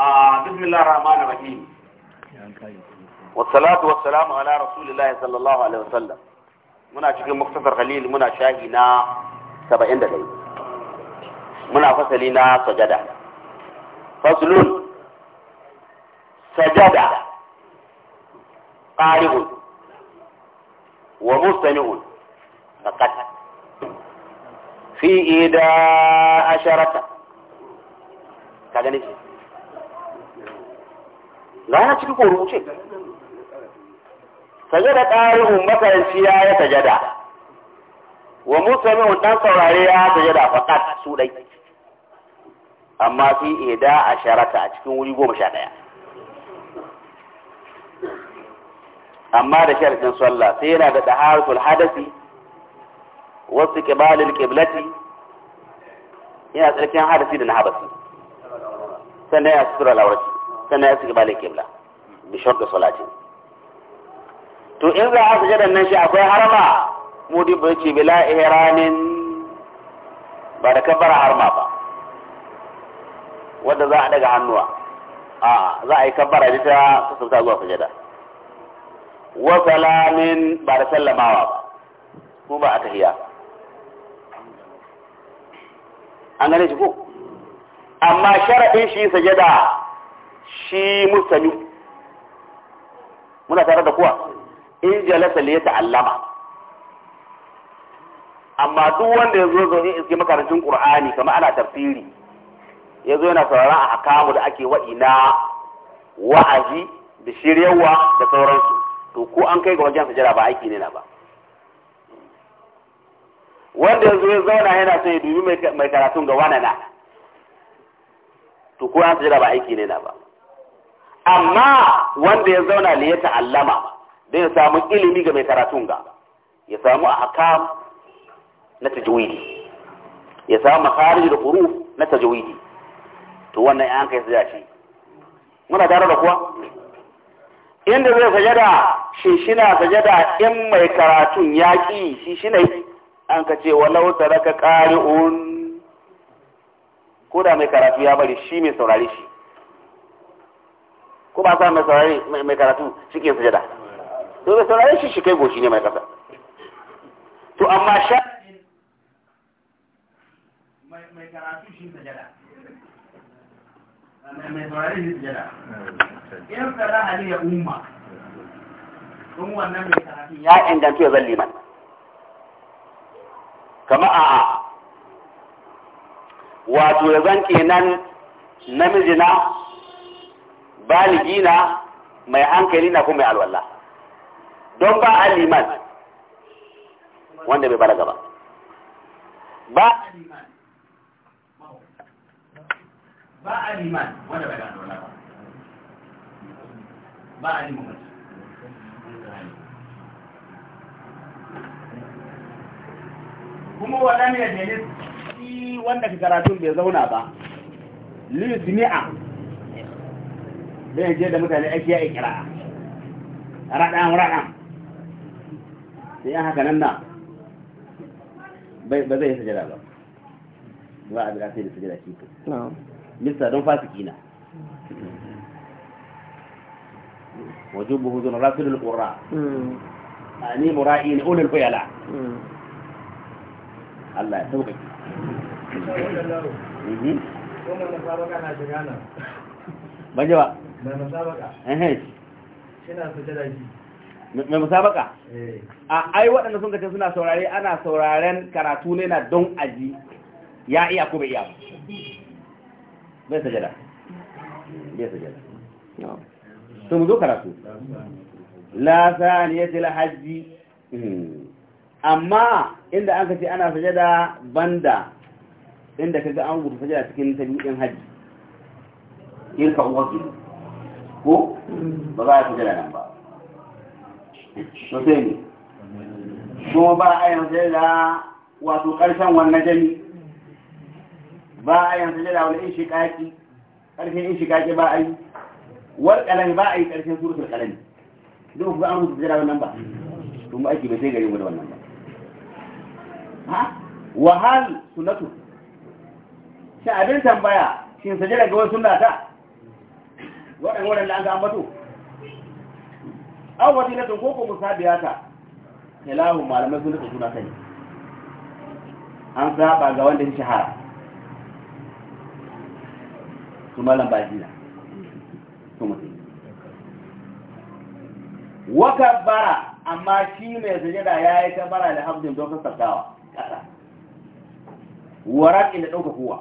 آه، بسم الله الرحمن الرحيم والصلاة والسلام على رسول الله صلى الله عليه وسلم منا شيخ مختصر قليل منا شاهينا سبعين دقيقة منا فصلنا سجدة فصل سجدة قارئ ومستمع fi ida asharata ka gane shi na ci duko ruce ce sajada ƙarihun makaranci ya ya sajada wa musamman ɗan saurare ya sajada faqat su ɗai amma fi ida asharata a cikin wuri goma sha amma da sharfin sallah sai yana da ɗaharsul hadasi wasu kibalil kiblati yana tsarkin hadasi da na habasi sannan ya sutura lawarci sannan ya su kibalil kibla bi shakka solaci to in za a sujada nan shi akwai harama mudi ba ce bila ihramin ba da kabbara harma ba wanda za a daga hannuwa a za a yi kabbara da ta sassauta zuwa sujada wa salamin ba da sallamawa ba ko ba a tahiya an gane shi ko amma sharaɗin shi sajada shi musali muna tare da kuwa in jalasa li ta'allama amma duk wanda ya zo zo iske makarantun qur'ani kamar ana tafsiri ya zo yana sauraron a hakamu da ake waɗi na wa'azi da shiryarwa da sauransu to ko an kai ga wajen sajada ba aiki ne na ba wanda yanzu ya zauna yana son ya dubi mai karatun ga wani na to ko an sujada ba aiki ne na ba amma wanda ya zauna ne ya ta'allama da ya samu ilimi ga mai karatun ga ya samu ahkam na tajwidi ya samu makharij da huruf na tajwidi to wannan an kai sujada shi muna tare da kuwa inda zai sajada shi shina sajada in mai karatun yaƙi shi shine. an ka ce walau ka qari'un ko da mai karatu ya bari shi mai saurari shi ko ba sa mai saurari mai karatu shi ke sujada to mai saurari shi shi kai goshi ne mai kasa to amma sha mai karatu shi sujada mai saurari shi sujada in sara hali ya umma kun wannan mai karatu ya inganta ya zalli mana jama'a wato ya zan kenan namiji na baligi na mai hankali na kuma mai alwala don ba a liman wanda bai balaga ba ba ba a liman wanda bai balaga ba ba a liman kuma waɗanda ya jeli shi wanda ka karatun bai zauna ba lil sami'a bai je da mutane ake ya ikira raɗan raɗan sai an haka nan na ba zai yi sajada ba ba a bira sai da sajada shi ko mista don fasiki na rasulun ƙura hmm. a ne mura'i na ulul fayala hmm. Allah ya sauƙaƙe mhm. ban ji ba mai musabaka a ai waɗanda sun kace suna saurare ana sauraren karatu ne na don aji ya iya ko bai iya bai sajada bai sajada Sun zo karatu la saniyati la hajji mhm. amma inda an ka ce ana sujada banda inda ka ga an gudu sujada cikin tabi'in haji, ɗin yin ka uwa ko ba za a sajada nan ba sai ne Ko ba a yin sujada wato ƙarshen wannan jami ba a yin sujada wani in shiƙaƙi karshen in shiƙaƙi ba a yi kalan ba a yi ƙarshen surutul ƙalami duk ba an gudu sujada wannan ba kuma ba ake bai sai gare mu wannan ba wahal sunatu shi abin tambaya shi saje daga wasu sunata waɗanda waɗanda an ga ambato an wajen latin koko musabiya ta lahun malamai sun rika suna kai an saba ga wanda shi shahara su malam bajina su mutum waka bara amma shi mai sajada ya yi ta bara da hamdin don sassaftawa waraƙin da ɗauka kowa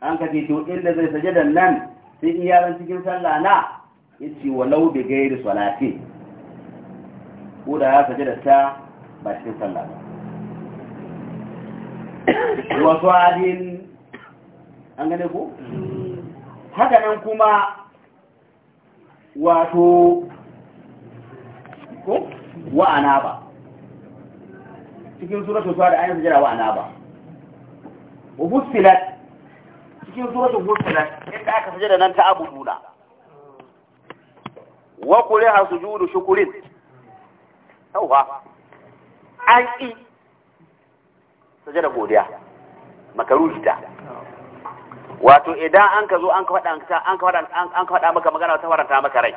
an ka ce to inda zai sajada nan sai in yaran cikin sallah na yace walau da gairu salati ko da ya sajada ta ba cikin sallah ba wasu adin an gane ko haka nan kuma wato ko wa'ana ba cikin da fara ayin jira wa anaba ba. fussilat cikin suratul fussilat yadda aka sujada nan ta abu abuduna wa kuriha sujudu shukurin? yawa an yi sajada godiya makaruhi ta wato idan an ka zo an ka faɗa an ka faɗa an ka maka magana ta faranta maka rai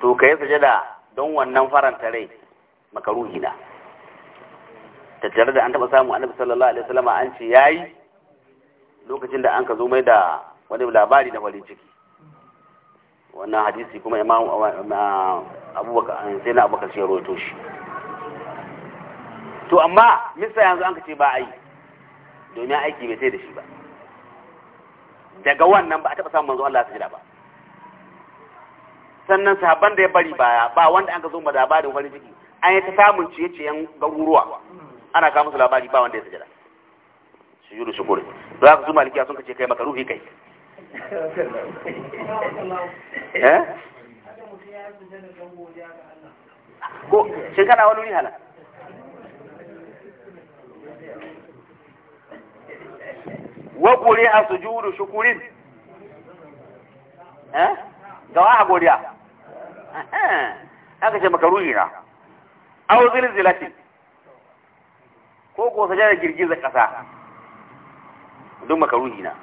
to kai sajada don wannan faranta rai makaruhi na tare da an taɓa samu annabi sallallahu alaihi wasallam an ce yayi lokacin da an ka zo mai da wani labari na farin ciki wannan hadisi kuma imam abubakar sai na abubakar shi ya roto shi to amma misa yanzu an ka ce ba a yi domin aiki bai sai da shi ba daga wannan ba a taɓa samun manzo Allah ya ba sannan sahabban da ya bari baya ba wanda an ka zo ma labarin farin ciki an yi ta samun ciye-ciyen garuruwa ana kawo musu labari ba wanda ya sujada sujudu kore don haka su malikiya sun kace kai maka ruhi kai eh ko shin kana wani hala wa kuri a sujudu shukurin eh gawa a godiya eh, eh. aka ce maka ruhi na auzil zilatin ko ko sajada girgiza ƙasa don makaruhi na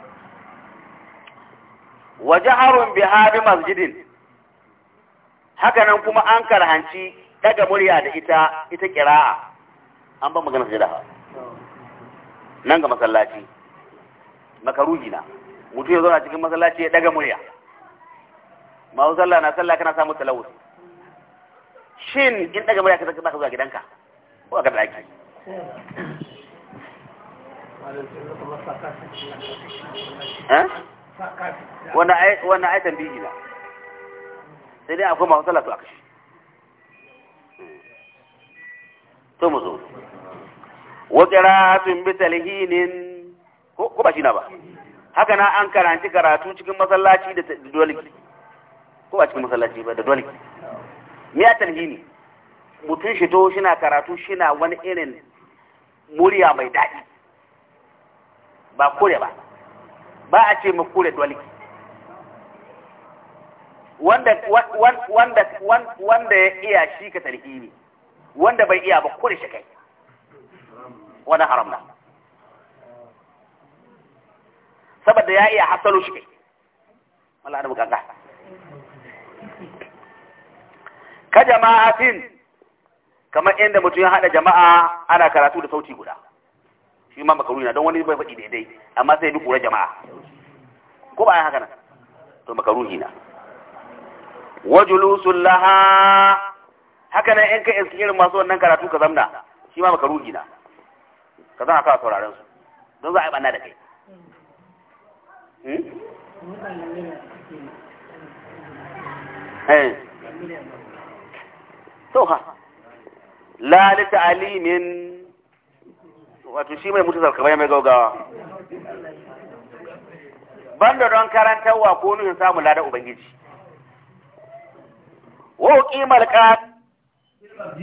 wa jaharun bi hadi masjidin haka nan kuma an karhanci daga murya da ita ita kira'a an ba magana sajada nan ga masallaci makaruhi na mutum ya zauna cikin masallaci ya daga murya ma sallah na sallah kana samu talawus shin in daga murya ka zaka zuwa gidanka ko ka daki Eh? Wannan aitan biyu na sai dai akwai masu talatu a kashi to mu zo wakiratun bitalhinin ko ba shi na ba haka na an karanci karatu cikin masallaci da doliki ko ba cikin masallaci ba da doliki miya talhini mutum shi to shi na karatu shi na wani irin murya mai daɗi ba kure ba ba a ce mu kure dolki wanda wanda wanda ya iya shi ka ne wanda bai iya ba kure shi kai wani haram na saboda ya iya hasalo shi kai mala da bukata ka jama'atin kamar inda mutum ya haɗa jama'a ana karatu da sauti guda shi ma makaruni na don wani bai faɗi daidai amma sai duk ƙura jama'a ko ba haka nan to makaruni na wajulusun laha haka nan in ka iske irin masu wannan karatu ka zamna shi ma makaruni na ka zama kawai sauraron su don za a yi banna da kai hmm? Eh. ha. la li ta'limin wato shi mai mutu zarkaba mai gaugawa banda don karantarwa ko nuhin samun ladan ubangiji wa qimar qat da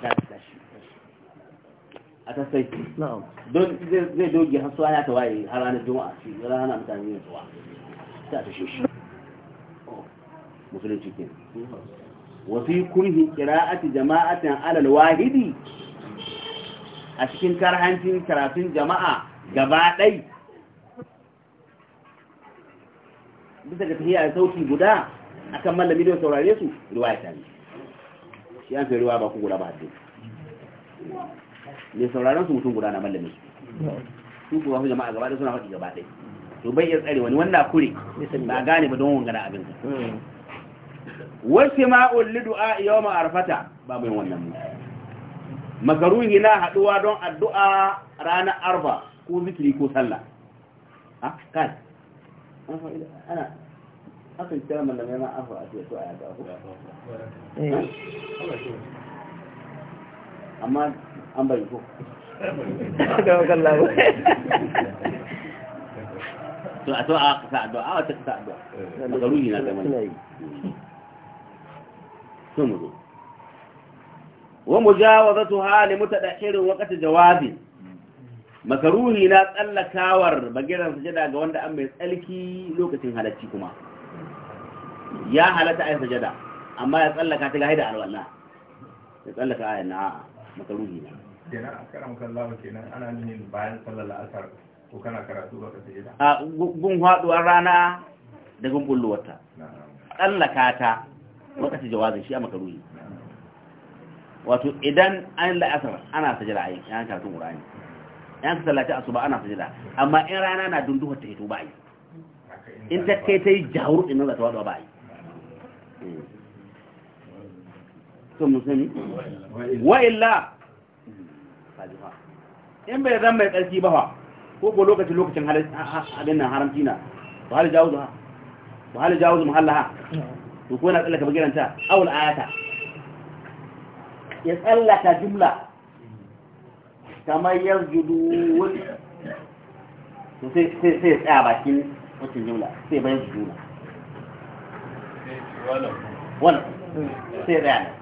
zai a sai don zai doge har suwa ya tawaye har ranar juma'a shi ranar mutane yin suwa ta ta shi musulunci ke wasu yi kurhi kira'ati jama'atin alal wahidi a cikin karhancin karafin jama'a gaba ɗai bisa ga tafiya da sauti guda a kan mallami don saurare su ruwa ya tani shi an fi ruwa ba ku guda ba haddai mai sauraron su mutum guda na mallamin su su jama'a gaba da suna faɗi gaba ɗai to bai iya tsare wani wanda kure ba gane ba don wangana abin ka wasu ma ulli du'a yau arfata ba mai wannan mu makaruhi na haɗuwa don addu'a ranar arba ko zikiri ko sallah ha kai ana kira mallamai ma a ce to a yaga amma an bari ko ga wakan labu to a to a kasa addu'a a wata kasa addu'a ruhi na zama wa mu ja wa hali mu taɗa irin wakata jawabi makaruhi na tsallakawar bagiran sujada ga wanda an mai tsalki lokacin halacci kuma ya halatta ayi sujada amma ya tsallaka ta ga haida alwala ya tsallaka ayan na'a makaruhi na kenan a karan kallawa kenan ana nuna bayan sallar la'asar ko kana karatu ba ka sai da a gun haduwar rana da gun bulluwarta tsallaka ta wakati jawazin shi a makaruhi wato idan an la'asar ana sajira a yi yan karatun ne, yan ka sallaci asuba ana sajira amma in rana na dunduwar ta hito ba yi in ta kai ta yi jawur in nan za ta wadawa ba yi son mu sani wa illa in bai zan mai tsarki ba ko ko lokacin lokacin abin nan haramci na ba hali jawuzu ha ba hali jawuzu muhallaha to ko yana tsallaka bagiranta awul ayata ya tsallaka jumla kamar yarjudu wani sai ya tsaya bakin wacin jumla sai bayan su juna wani sai ya tsaya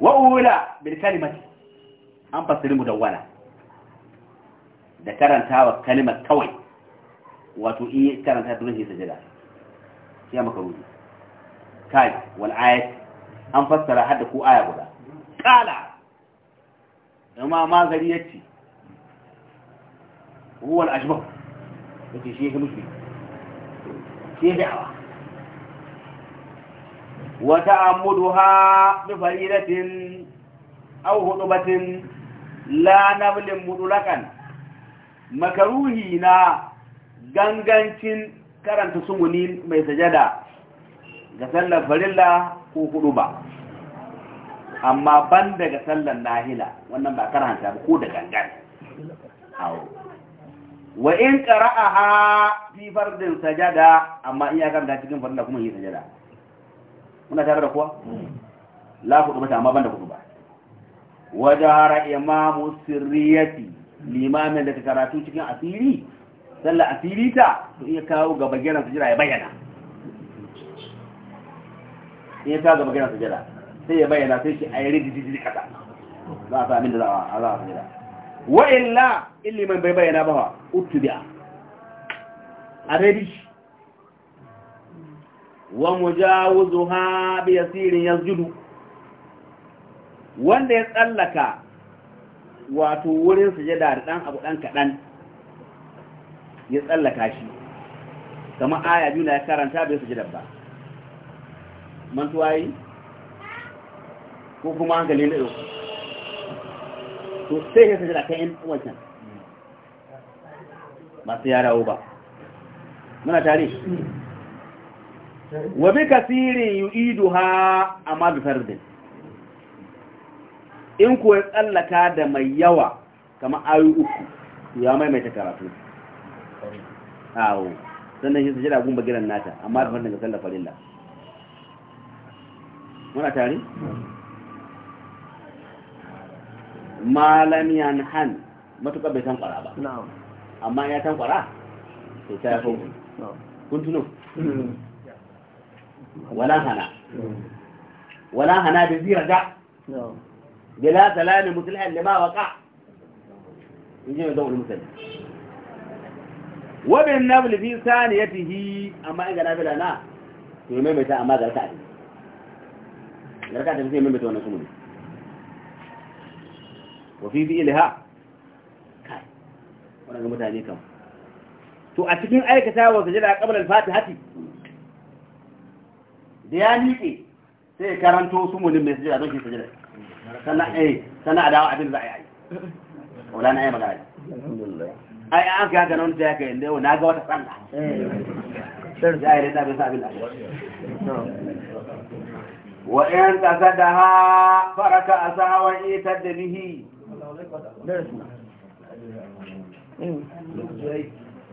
wa'uwula bil kalimati an fasiri mu wala. da karantawa kalimar kawai wato iya karanta dole shi jira? Ya maka ruji kai wal ayat an fassara hadda ko aya guda kala amma gari yace huwa al ashbah yace shi yake mushi shi yake awa. وتعمدها بفريدة أو خطبة لا نبل makaruhi na gangancin karanta sumuni mai sajada ga sallar farilla ko hudu amma ban daga sallar nahila wannan ba karanta ba ko da gangan awo wa in qara'aha fi fardin sajada amma iya kan da cikin farilla kuma yi sajada muna tare da kuwa la ku ba amma banda hudu ba wajahara imamu sirriyati limamin da ta karatu cikin asiri sallar asiri ta to iya kawo ga bagiran sujira ya bayyana iya kawo ga bagiran sujira sai ya bayyana sai shi a yi rijijiji kasa za a sami da za a sujira wa'illa ilimin bai bayyana ba wa utubiya a rijiji wa mujawizuha bi yasirin yasjudu wanda ya tsallaka wato wurin sujada da dan abu dan kadan ya tsallaka shi kamar aya biyu na ya karanta bai sujada ba mantuwa yi ko kuma hankali na ɗauku to sai ya sujada kan yan wancan masu yarawo ba muna tare wa bi kasirin yu'iduha ha bi fardin in kuwa tsallaka da mai yawa kama ayu uku ya maimaita karatu awo sannan shi su jira gumba giran nata amma da fardin ga sallar farilla muna tare malam han matuƙar bai tankwara ba amma ya tankwara sai ta yi kun kuntunu mm. wala hana wala hana da zira da bila salami mutulhan lima waka in ji mai zaune musulmi wabin nabli fi sani ya tihi amma in ga nabila na to yi maimaita amma ga raka'a raka'a ta fi maimaita wannan sumuni wa fi fi ilaha kai wannan mutane kam to a cikin aikata wasu jira a qabla alfati hati. da ya miƙe sai ya karanto su munin mai sujada don shi sujada sannan eh sannan a dawo abin za a yi wala na yi magana ai an ka ganin nan da yake yadda yau na ga wata sallah sai da ayi da bin sabin da wa in a faraka ita da bihi